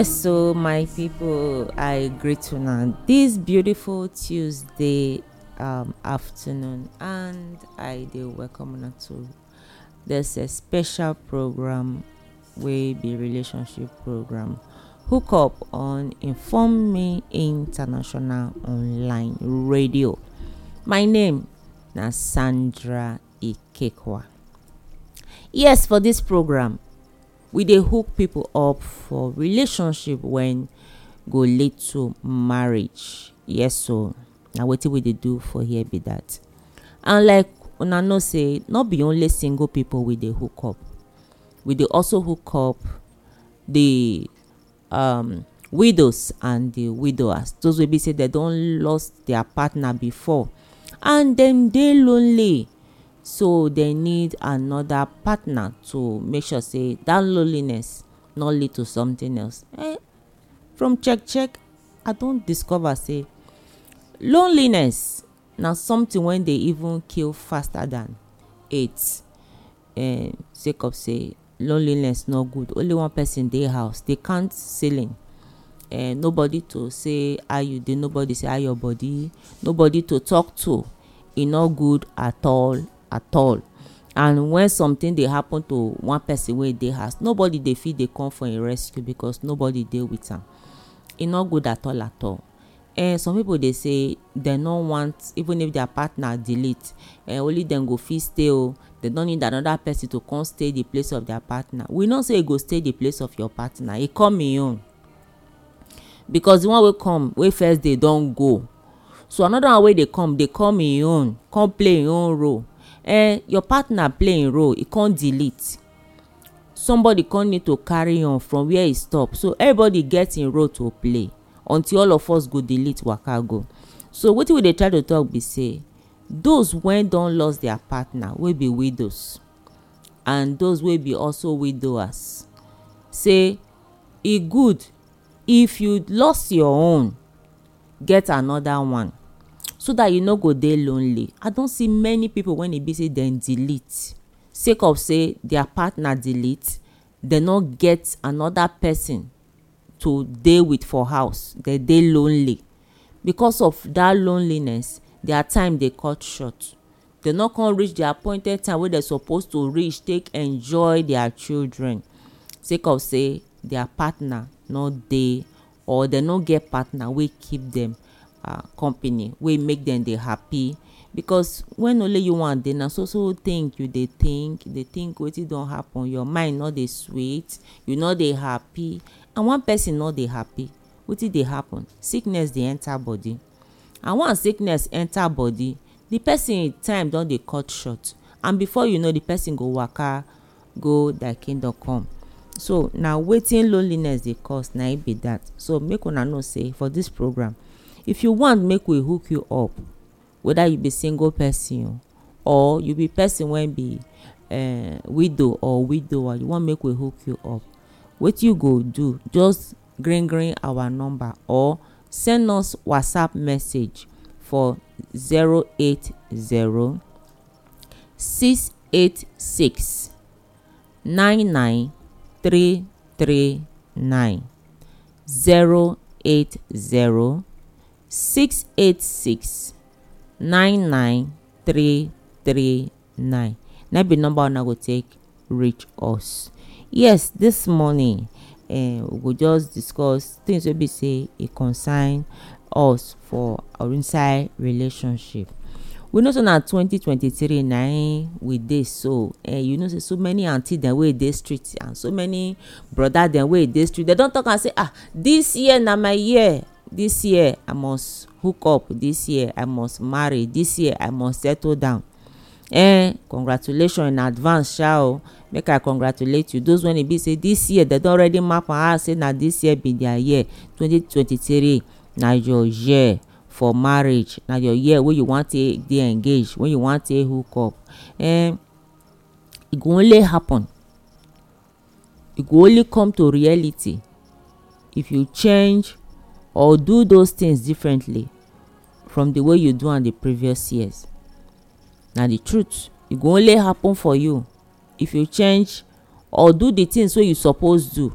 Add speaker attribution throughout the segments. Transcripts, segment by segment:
Speaker 1: yes so my people i greet you una this beautiful tuesday um, afternoon and i do welcome you. to this a special program will be relationship program hook up on inform me international online radio my name is sandra ikekwa yes for this program we dey hook people up for relationship wen go lead to marriage yes o na wetin we dey do for here be that and like una know say no be only single people we dey hook up we dey also hook up the um, widows and the widowers those wey be say they don lost their partner before and dem dey lonely so they need another partner to make sure say that loneliness no lead to something else eh from check check i don discover say loneliness na something wey dey even kill faster than aids eh sake of say loneliness no good only one person dey house they can't ceiling eh nobody to say how you dey nobody say how your body nobody to talk to e no good at all at all and when something dey happen to one person wey e dey house nobody dey fit dey come for im rescue because nobody dey with am e no good at all at all eh some people dey say dem no want even if their partner delete eh only dem go fit stay o oh. dem no need another person to come stay the place of their partner we know say you e go stay the place of your partner e come im e own because the one wey come wey first dey don go so another one wey dey come dey come im own come play im own role eh, your partner playing role e come delete somebody come need to carry on from where e stop so everybody get im role to play until all of us go delete waka go so wetin we dey try to talk be say those wey don loss their partner wey be widows and those wey be also widowers say e good if you lost your own get another one so that you no go dey lonely i don see many people wen e be say dem delete sake of say their partner delete dem no get another person to dey with for house dem dey lonely because of that loneliness their time dey cut short dem no come reach the appointed time wey dem suppose to reach take enjoy their children sake of say their partner no dey or dem no get partner wey keep dem uh, company wey make dem dey happy because when only you wan dey na so so think you dey think dey think wetin don happen your mind no dey sweet you no dey happy and one person no dey happy wetin dey happen sickness dey enter body and once sickness enter body the person time don dey cut short and before you know the person go waka go their kingdom come so na wetin loneliness dey cause na it be that so make una know say for this program if you want make we hook you up whether you be single person or you be person wey be uh, widow or widower you want make we hook you up wetin you go do just green green our number or send us whatsapp message for zero eight zero six eight six nine nine three three nine zero eight zero six eight six nine nine three three nine na be number una go take reach us yes this morning uh, we go just discuss things wey be say e concern us for our inside relationship we know say na 2023 na im we dey so eh you know say so many aunty dem wey dey street and so many brother dem wey dey street dem don talk am say ah this year na my year this year i must hook up this year i must marry this year i must settle down eh congratulation in advance sha o make i congratulate you those when e be say this year dem don already map am out say na this year be their year 2023 na your year for marriage na your year wey you wan take dey engaged wey you wan take hook up eh e go only happen e go only come to reality if you change or do those things differently from the way you do am the previous years na the truth e go only happen for you if you change or do the things wey you suppose do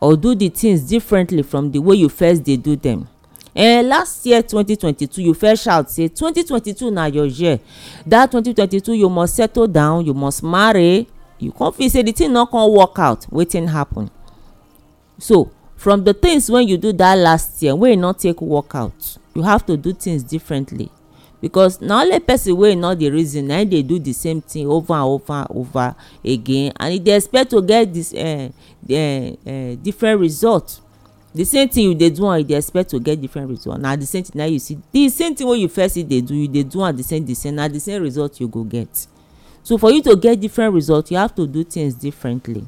Speaker 1: or do the things differently from the way you first dey do them eh last year 2022 you first shout say 2022 na your year that 2022 you must settle down you must marry you come feel say the thing no come work out wetin happen so from the things wey you do that last year wey e no take work out you have to do things differently because na only person wey e no dey reason na him dey do the same thing over and over and over again and e dey expect to get this uh, uh, uh, different result the same thing you dey do and you dey expect to get different result na the same thing na you see the same thing wey you first see dey do you dey do am the same the same na the same result you go get so for you to get different result you have to do things differently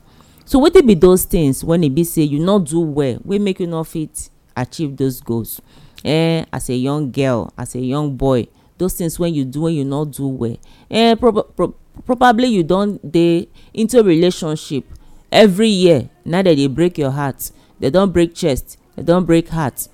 Speaker 1: so wetin be those things when e be say you no do well wey make you no fit achieve those goals eh as a young girl as a young boy those things when you do when you no do well eh prob pro probably you don dey into relationship every year na dem dey break your heart dem don break chest dem don break heart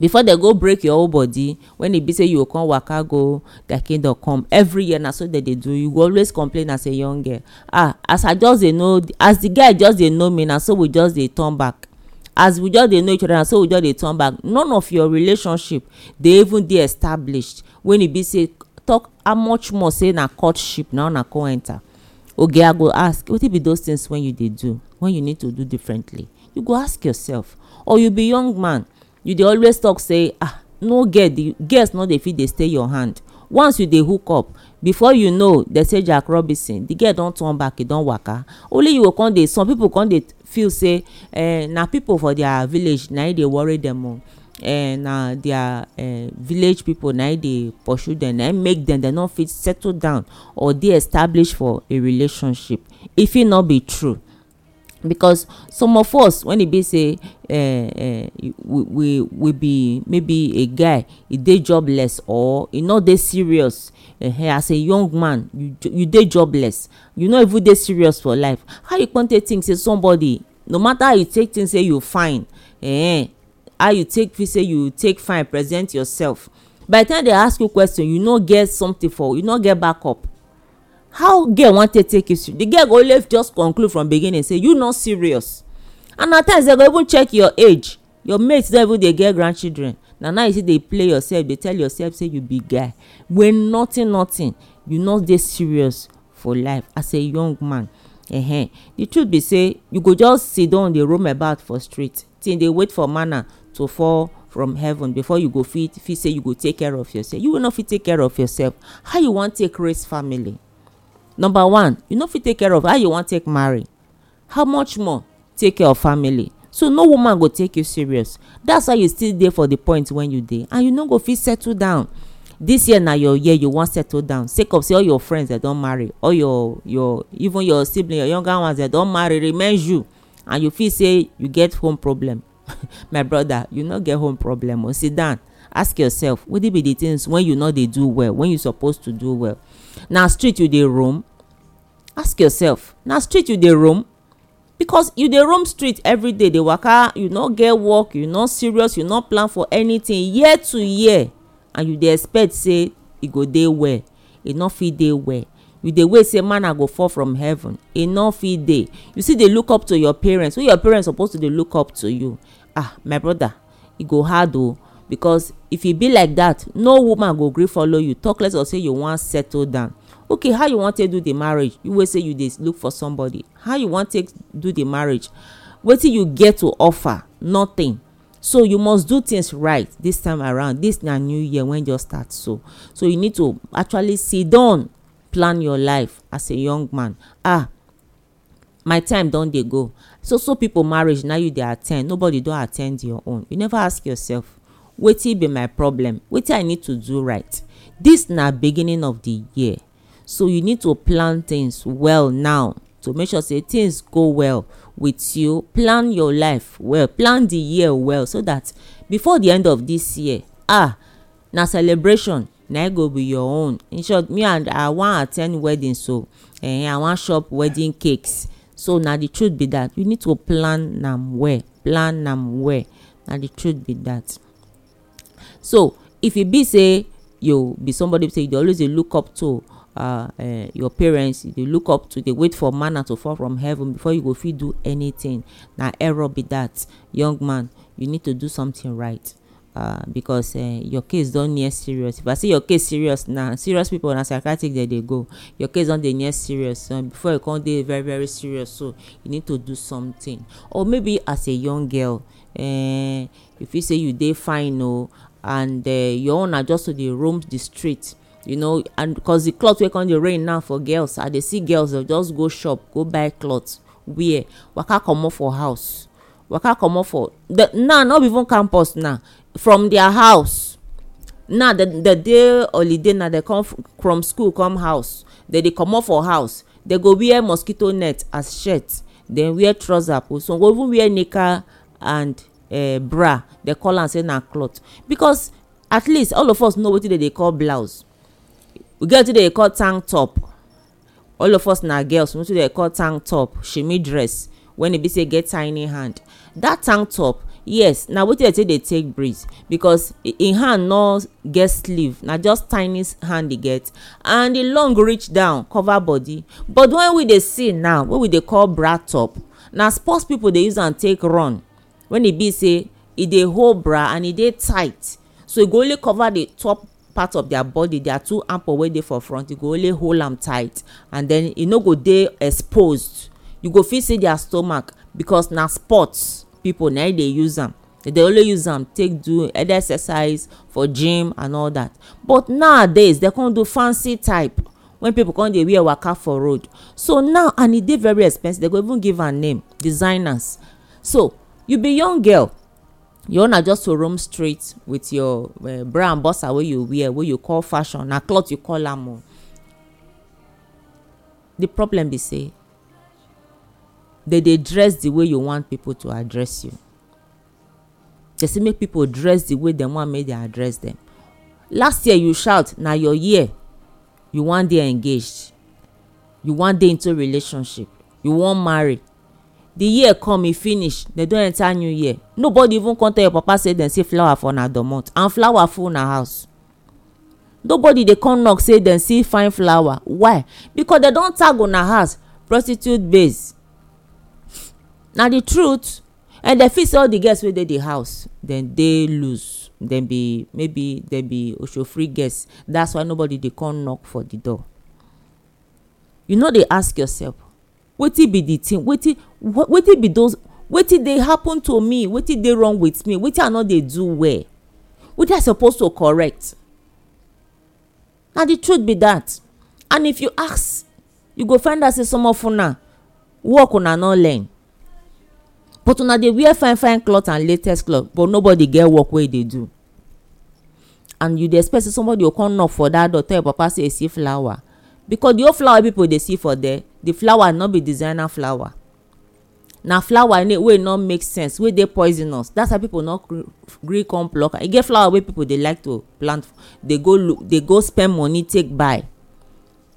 Speaker 1: before dem go break your whole body when e be say you go come waka go their kingdom come every year na so dem dey do you go always complain as a young girl ah as i just dey know as the guy just dey know me na so we just dey turn back as we just dey know each other na so we just dey turn back none of your relationship dey even dey established when e be say talk how much more say na courtship na una come enter oge i go ask wetin be those things wey you dey do when you need to do differently you go ask yourself or you be young man you dey always talk say ah no get the girls no dey fit dey stay your hand once you dey hook up before you know dey say jack robinson the girl don turn back e don waka only you go come dey some people come dey feel say eh, na people for their village na im dey worry them o oh. eh, na their eh, village people na im dey pursue dem na im make them dem no fit settle down or dey established for a relationship e fit no be true because some of us when e be say uh, uh, we, we we be maybe a guy e dey jobless or e no dey serious uh, as a young man you you dey jobless you no even dey serious for life how you come take think say somebody no matter how you take think say you fine eh, how you take feel say you take fine present yourself by the time they ask you question you no get something for you no get backup how girl wan take take history the girl go only just conclude from beginning say you no serious and at times dem go even check your age your mates don even dey get grandchildren na now you still dey play yourself dey tell yourself say you be guy when nothing nothing you no dey serious for life as a young man uh -huh. the truth be say you go just siddon dey roam about for street till dey wait for manna to fall from heaven before you go fit fit say you go take care of yourself you no fit take care of yourself how you wan take raise family number one you no fit take care of how you wan take marry how much more take care of family so no woman go take you serious that's why you still dey for the point when you dey and you no go fit settle down this year na your year you wan settle down sake of say all your friends dem don marry all your your even your sibling your younger ones dem don marry remains you and you feel say you get home problem my brother you no get home problem o oh. sit down ask yourself wetin be the things wey you no dey do well when you suppose to do well na street you dey roam ask yourself na street you dey roam because you dey roam street every day dey waka you no get work you no serious you no plan for anything year to year and you dey expect say e go dey well e no fit dey well you dey wait say manna go fall from heaven e no fit dey you still dey look up to your parents wey your parents suppose to dey look up to you ah my brother e go hard o because if e be like that no woman go gree follow you talk less of say you wan settle down okay how you wan take do the marriage you wey say you dey look for somebody how you wan take do the marriage wetin you get to offer nothing so you must do things right this time around this na new year wen just start so so you need to actually sit down plan your life as a young man ah my time don dey go so so people marriage na you dey at ten d nobody don at ten d your own you never ask yourself wetin be my problem wetin i need to do right this na beginning of the year so you need to plan things well now to make sure say things go well with you plan your life well plan the year well so that before the end of this year ah na celebration na e go be your own in short me and i wan at ten d wedding so eh, i wan chop wedding cakes so na the truth be that you need to plan am well plan am well na the truth be that so if e be say you be somebody say you dey always dey look up to uh, uh, your parents you dey look up to dey wait for manna to fall from heaven before you go fit do anything na error be that young man you need to do something right uh, because uh, your case don near serious if i say your case serious na serious people na psychiatric dem dey go your case don dey near serious um, before you come dey very very serious so you need to do something or maybe as a young girl uh, you feel say you dey fine o and uh, your own na just to dey roam the street you know and cause the cloth wey come dey rain now for girls i dey see girls dey just go shop go buy cloth wear waka comot for house waka comot for the now not even campus now from their house now the the day holiday na dey come from school come house dey dey comot for house dey go wear mosquito net as shirt then wear trouser so go even wear nika and uh, bra dey call am say na cloth because at least all of us know wetin dem dey call blouse we get wetin dem dey call tank top all of us na girls we know wetin dey call tank top shimi dress when e be say e get tiny hand that tank top yes na wetin dem take dey take breeze because im hand no get sleeve na just tiny hand e get and e long reach down cover body but when we dey see now wey we dey call bra top na sports people dey use am take run when e be say e dey hold bra and e dey tight so e go only cover the top part of their body their two ample wey dey for front e go only hold am tight and then e no go dey exposed you go fit see their stomach because na sports people na dey use am they dey only use am take do either exercise for gym and all that but nowadays they come do fancy type when people come dey wear waka for road so now and e dey very expensive they go even give am name designers so you be young girl you own na just to roam straight with your uh, bra and boxer wey you wear wey you call fashion na cloth you call am o the problem be say they dey dress the way you want people to address you they say make people dress the way dem want make they address them last year you shout na your year you wan dey engaged you wan dey into relationship you wan marry the year come e finish dem don enter new year nobody even come tell your papa say dem see flower for na domot and flower full na house nobody dey come knock say dem see fine flower why because dem don tag una house prostitute base na the truth and dem fit say all the girls wey dey the house dem dey loose dem be maybe dem be osofri guests. that's why nobody dey come knock for the door you no dey ask yourself wetin be the thing wetin wetin be those wetin dey happen to me wetin dey wrong with me wetin i no dey do well wetin i suppose to correct na the truth be that and if you ask you go find out say some of una work una no learn but una dey wear fine fine cloth and latest cloth but nobody get work wey e dey do and you dey expect say somebody go come knock for that door tell your papa say e see flower because the whole flower people dey see for there the flower no be designer flower na flower wey no make sense wey dey poisonous that's why people no gree come pluck am e get flower wey people dey like to plant dey go look dey go spend money take buy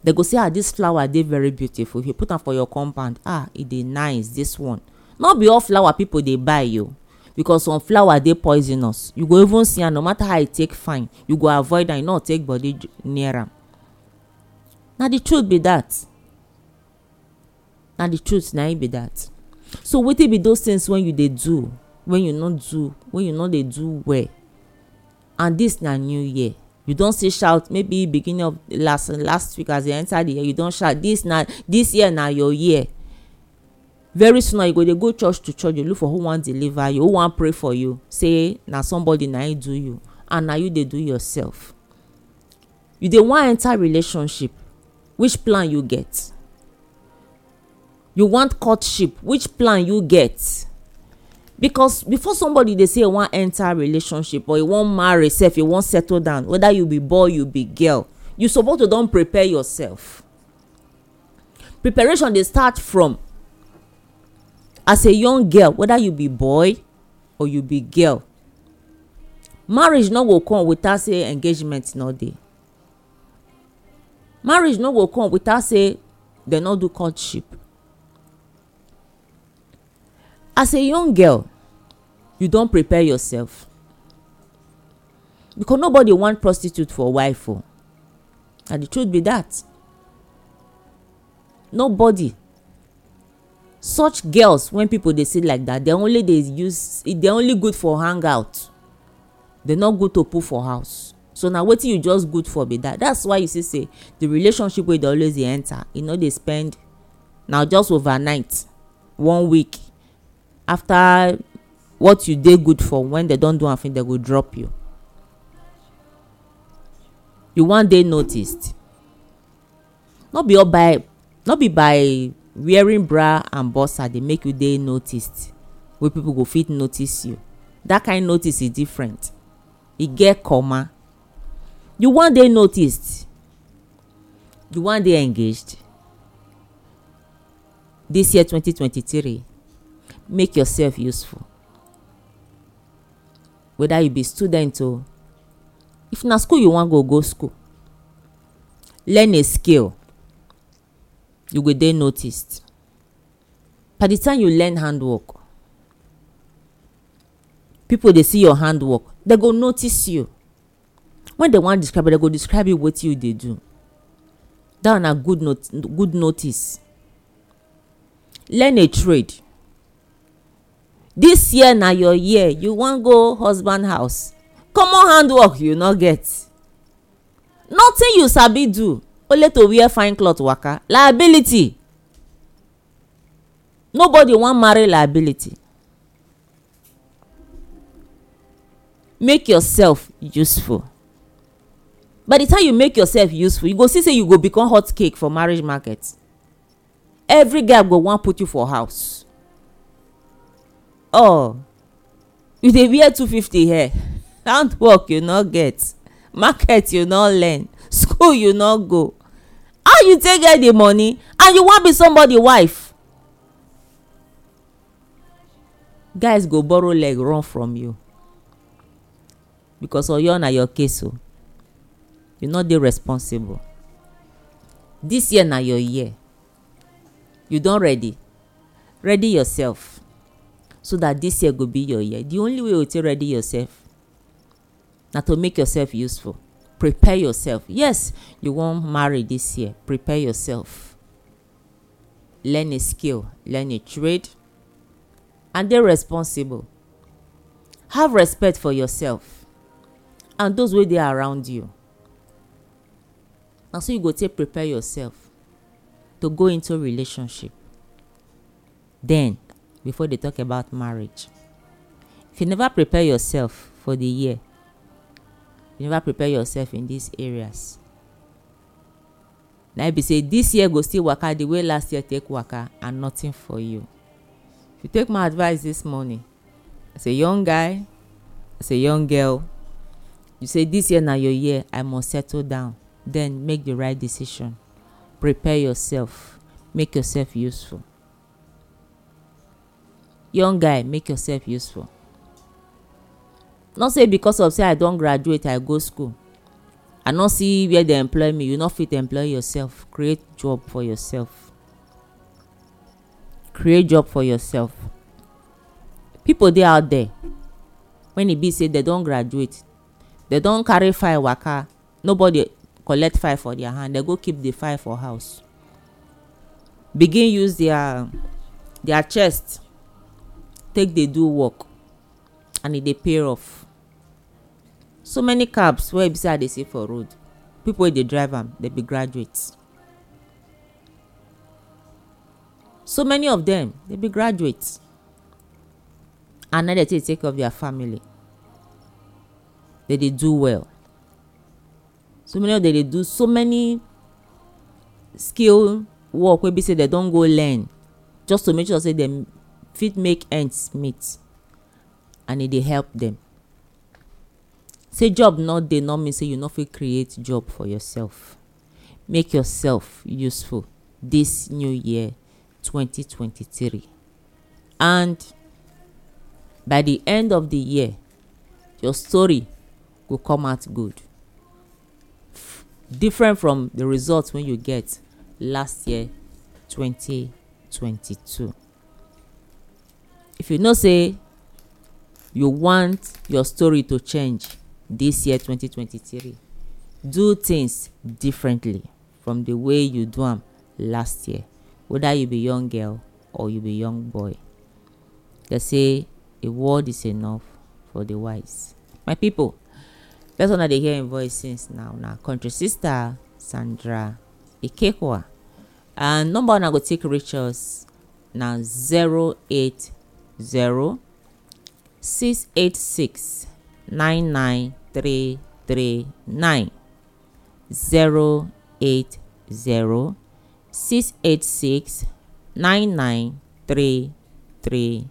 Speaker 1: they go say ah this flower dey very beautiful if you put am for your compound ah e dey nice this one no be all flower people dey buy o because some flower dey poisonous you go even see am no matter how e take fine you go avoid am you e no take body near am na the truth be that na the truth na be that so wetin be those things wey you dey do wey you no do wey you no dey do well and this na new year you don still shout maybe beginning of last last week as you enter the year you don shout this na this year na your year very soon you go dey go church to church dey look for who wan deliver you who wan pray for you say na somebody na him do you and na you dey do yourself you dey wan enter relationship which plan you get you want courtship which plan you get because before somebody dey say e wan enter relationship or e wan marry sef e wan settle down whether you be boy you be girl you suppose to don prepare yourself preparation dey start from as a young girl whether you be boy or you be girl marriage no go come without say engagement no dey marriage no go come without say dem no do courtship as a young girl you don prepare yourself because nobody want prostitute for wife o oh. na the truth be that nobody such girls when people dey see like that they only dey use they e only good for hangout they no good to put for house so na wetin you just good for be that that's why you see say the relationship wey dey always dey enter e no dey spend na just overnight one week after what you dey good for when they don do am finish dem go drop you you wan dey noticed no be all by no be by wearing bra and bursa dey make you dey noticed wey people go fit notice you that kind notice is different e get comma you wan dey noticed you wan dey engaged this year 2023 make yourself useful whether you be student o if na school you wan go go school learn a skill you go dey noticed by the time you learn handwork people dey see your handwork they go notice you when they wan describe you they go describe you wetin you dey do that one na good, not good notice learn a trade This year na your year you wan go husband house common handwork you no get nothing you sabi do only to wear fine cloth waka liability nobody wan marry liability make yourself useful by the time you make yourself useful you go see say you go become hot cake for marriage market every guy go wan put you for house all oh. you dey wear two fifty here work, you no get market you no learn school you no go how you take get the money and you wan be somebody wife guys go borrow leg run from you because oyo na your case o oh. you no dey responsible this year na your year you don ready ready yourself so that this year go be your year the only way you take ready yourself na to make yourself useful prepare yourself yes you wan marry this year prepare yourself learn a skill learn a trade and dey responsible have respect for yourself and those wey dey around you na so you go take prepare yourself to go into relationship then before they talk about marriage if you never prepare yourself for the year you never prepare yourself in these areas na be say this year go still waka the way last year take waka and nothing for you if you take my advice this morning as a young guy as a young girl you say this year now your year i must settle down then make the right decision prepare yourself make yourself useful young guy make yourself useful not say because of say i don graduate i go school i no see where dey employ me you no fit employ yourself create job for yourself create job for yourself people dey out there when e be say dem don graduate dem don carry file waka nobody collect file for their hand dem go keep the file for house begin use their their chest take dey do work and e dey pay off so many cabs wey be say i dey see for road people wey dey drive am dem be graduates so many of them dey be graduates and na dey take take care of their family they dey do well so many of them dey do so many skill work wey be say dem don go learn just to make sure say dem fit make ends meet and e dey help dem. Say job no dey no mean say you no fit create job for yourself. Make yourself useful this new year 2023. And by the end of the year, your story go come out good. Different from the results wey you get last year 2022 if you know say you want your story to change this year 2023 do things differently from the way you do am last year whether you be young girl or you be young boy They say a word is enough for the wise my people person i dey hear im voice since now na country sister sandra ikekwa and number one, I go take reach us na zero eight zero six eight six nine nine three three nine zero eight zero six eight six nine nine three three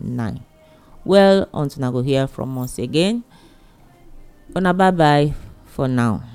Speaker 1: nine. Well, until I go hear from us again. Una bye bye for now.